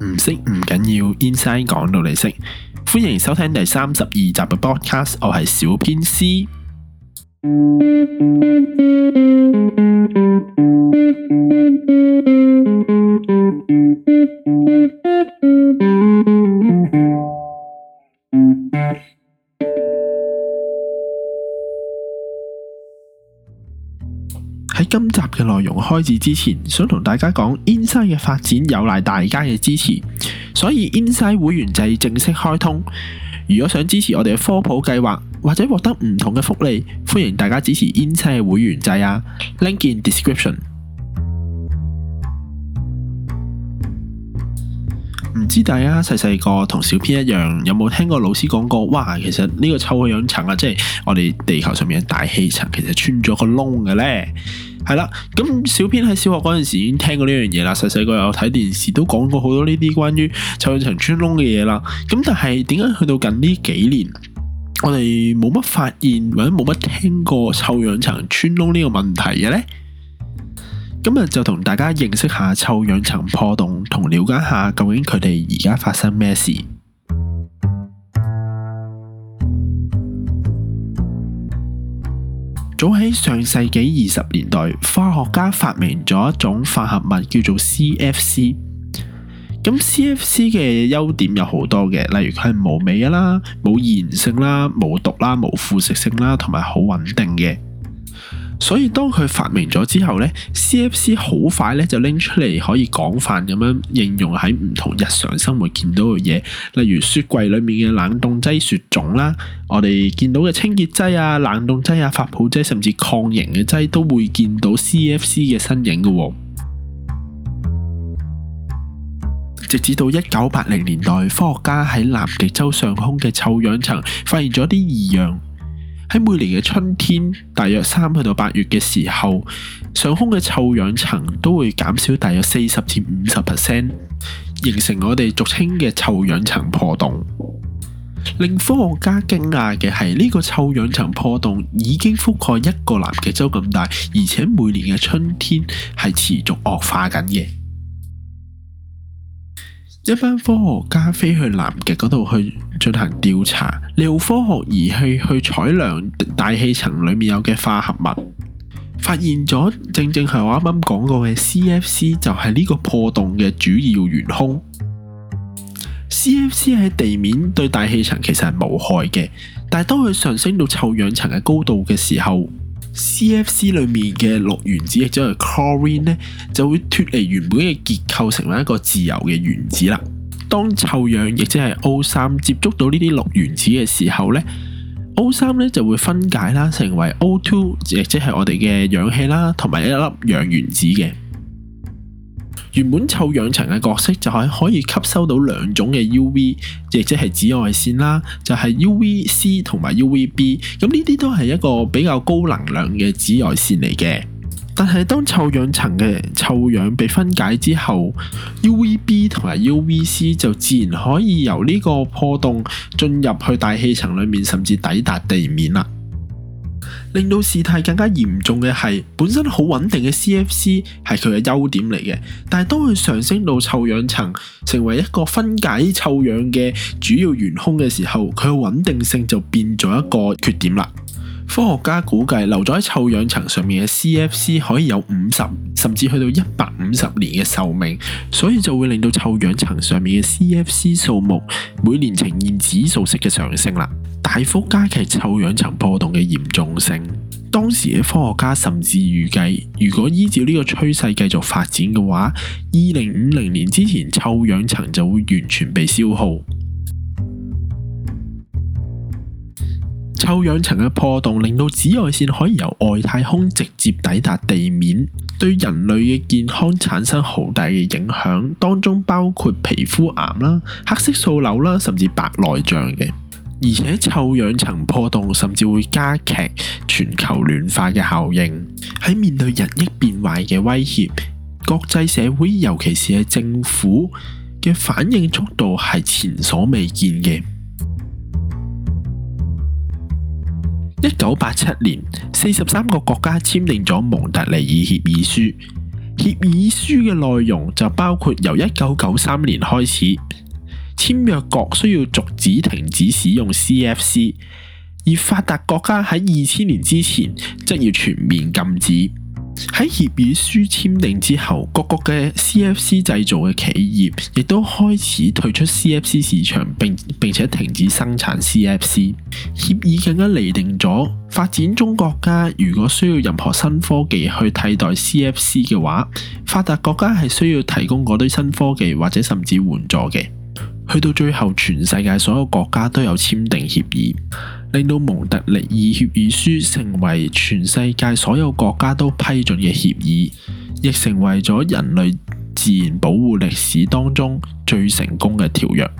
唔識唔緊要，inside 講到你識。歡迎收聽第三十二集嘅 podcast，我係小編師。今集嘅內容開始之前，想同大家講，煙西嘅發展有賴大家嘅支持，所以煙西會員制正式開通。如果想支持我哋嘅科普計劃，或者獲得唔同嘅福利，歡迎大家支持煙西嘅會員制啊，啊！Link in description。唔知大家細細個同小編一樣，有冇聽過老師講過？哇，其實呢個臭氧層啊，即係我哋地球上面嘅大氣層，其實穿咗個窿嘅呢。」係啦，咁小編喺小學嗰陣時已經聽過呢樣嘢啦，細細個有睇電視都講過好多呢啲關於臭氧層穿窿嘅嘢啦。咁但係點解去到近呢幾年，我哋冇乜發現或者冇乜聽過臭氧層穿窿呢個問題嘅呢？今日就同大家認識下臭氧層破洞，同了解下究竟佢哋而家發生咩事。早喺上世紀二十年代，科學家發明咗一種化合物，叫做 CFC。咁 CFC 嘅優點有好多嘅，例如佢係無味㗎啦、冇易燃性啦、冇毒啦、冇腐蝕性啦，同埋好穩定嘅。所以當佢發明咗之後呢，CFC 好快咧就拎出嚟可以廣泛咁樣應用喺唔同日常生活見到嘅嘢，例如雪櫃裏面嘅冷凍劑、雪種啦，我哋見到嘅清潔劑啊、冷凍劑啊、發泡劑啊，甚至抗凝嘅劑都會見到 CFC 嘅身影噶哦。直至到一九八零年代，科學家喺南極洲上空嘅臭氧層發現咗啲異樣。喺每年嘅春天，大約三去到八月嘅時候，上空嘅臭氧層都會減少大約四十至五十 percent，形成我哋俗稱嘅臭氧層破洞。令科學家驚訝嘅係，呢個臭氧層破洞已經覆蓋一個南極洲咁大，而且每年嘅春天係持續惡化緊嘅。一班科學家飛去南極嗰度去進行調查，利用科學儀器去，去採量大氣層裡面有嘅化合物，發現咗正正係我啱啱講過嘅 CFC 就係呢個破洞嘅主要元凶。CFC 喺地面對大氣層其實係無害嘅，但係當佢上升到臭氧層嘅高度嘅時候，CFC 裏面嘅氯原子亦即係 Chlorine 咧，就，CH INE, 就會脫離原本嘅結構，成為一個自由嘅原子啦。當臭氧亦即係 O 三接觸到呢啲氯原子嘅時候咧，O 三咧就會分解啦，成為 O two，亦即係我哋嘅氧氣啦，同埋一粒氧原子嘅。原本臭氧層嘅角色就係可以吸收到兩種嘅 U V，亦即係紫外線啦，就係 U V C 同埋 U V B，咁呢啲都係一個比較高能量嘅紫外線嚟嘅。但係當臭氧層嘅臭氧被分解之後，U V B 同埋 U V C 就自然可以由呢個破洞進入去大氣層裡面，甚至抵達地面啦。令到事態更加嚴重嘅係，本身好穩定嘅 CFC 係佢嘅優點嚟嘅，但係當佢上升到臭氧層成為一個分解臭氧嘅主要元兇嘅時候，佢嘅穩定性就變咗一個缺點啦。科學家估計留咗喺臭氧層上面嘅 CFC 可以有五十甚至去到一百五十年嘅壽命，所以就會令到臭氧層上面嘅 CFC 數目每年呈現指數式嘅上升啦。大幅加劇臭氧層破洞嘅嚴重性。當時嘅科學家甚至預計，如果依照呢個趨勢繼續發展嘅話，二零五零年之前臭氧層就會完全被消耗。臭氧層嘅破洞令到紫外線可以由外太空直接抵達地面，對人類嘅健康產生好大嘅影響，當中包括皮膚癌啦、黑色素瘤啦，甚至白內障嘅。而且臭氧層破洞甚至會加劇全球暖化嘅效應。喺面對日益變壞嘅威脅，國際社會尤其是係政府嘅反應速度係前所未見嘅。一九八七年，四十三個國家簽訂咗《蒙特尼爾協議書》。協議書嘅內容就包括由一九九三年開始。簽約國需要逐止停止使用 CFC，而發達國家喺二千年之前則要全面禁止。喺協議書簽訂之後，各國嘅 CFC 製造嘅企業亦都開始退出 CFC 市場，並並且停止生產 CFC。協議更加厘定咗，發展中國家如果需要任何新科技去替代 CFC 嘅話，發達國家係需要提供嗰堆新科技或者甚至援助嘅。去到最後，全世界所有國家都有簽訂協議，令到蒙特利爾協議書成為全世界所有國家都批准嘅協議，亦成為咗人類自然保護歷史當中最成功嘅條約。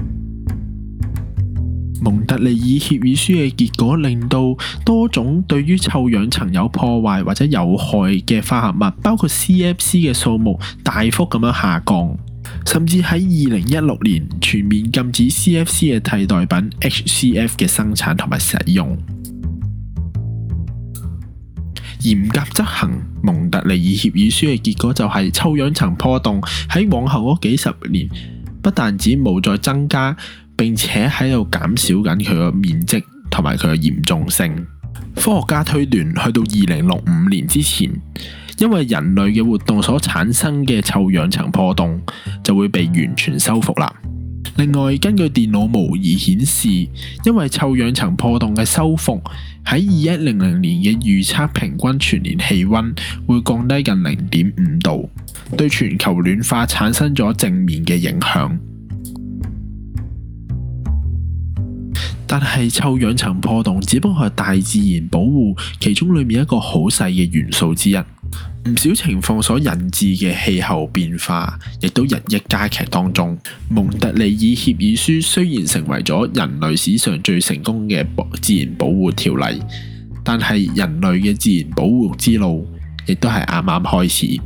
蒙特利爾協議書嘅結果令到多種對於臭氧層有破壞或者有害嘅化合物，包括 CFC 嘅數目大幅咁樣下降。甚至喺二零一六年全面禁止 CFC 嘅替代品 HCF 嘅生產同埋使用。嚴 格執行蒙特利爾協議書嘅結果就係臭氧層破洞喺往後嗰幾十年不但止冇再增加，並且喺度減少緊佢嘅面積同埋佢嘅嚴重性。科學家推斷去到二零六五年之前，因為人類嘅活動所產生嘅臭氧層破洞就會被完全修復啦。另外，根據電腦模擬顯示，因為臭氧層破洞嘅修復，喺二一零零年嘅預測平均全年氣溫會降低近零點五度，對全球暖化產生咗正面嘅影響。但係臭氧層破洞只不過係大自然保護其中裏面一個好細嘅元素之一。唔少情況所引致嘅氣候變化，亦都日益加劇當中。蒙特利爾協議書雖然成為咗人類史上最成功嘅自然保護條例，但係人類嘅自然保護之路，亦都係啱啱開始。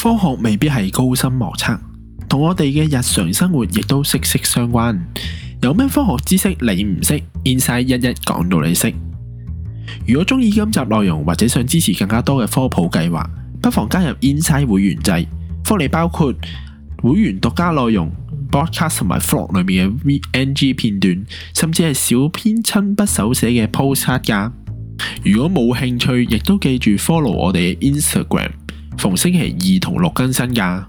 科學未必係高深莫測，同我哋嘅日常生活亦都息息相關。有咩科學知識你唔識？Inside 一一講到你識。如果中意今集內容或者想支持更加多嘅科普計劃，不妨加入 Inside 會員制，福利包括會員獨家內容、broadcast 同埋 vlog 裏面嘅 VNG 片段，甚至係小編親筆手寫嘅 postcard。如果冇興趣，亦都記住 follow 我哋嘅 Instagram，逢星期二同六更新噶。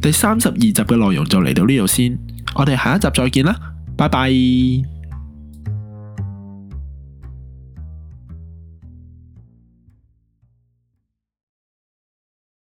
第三十二集嘅內容就嚟到呢度先，我哋下一集再見啦。拜拜。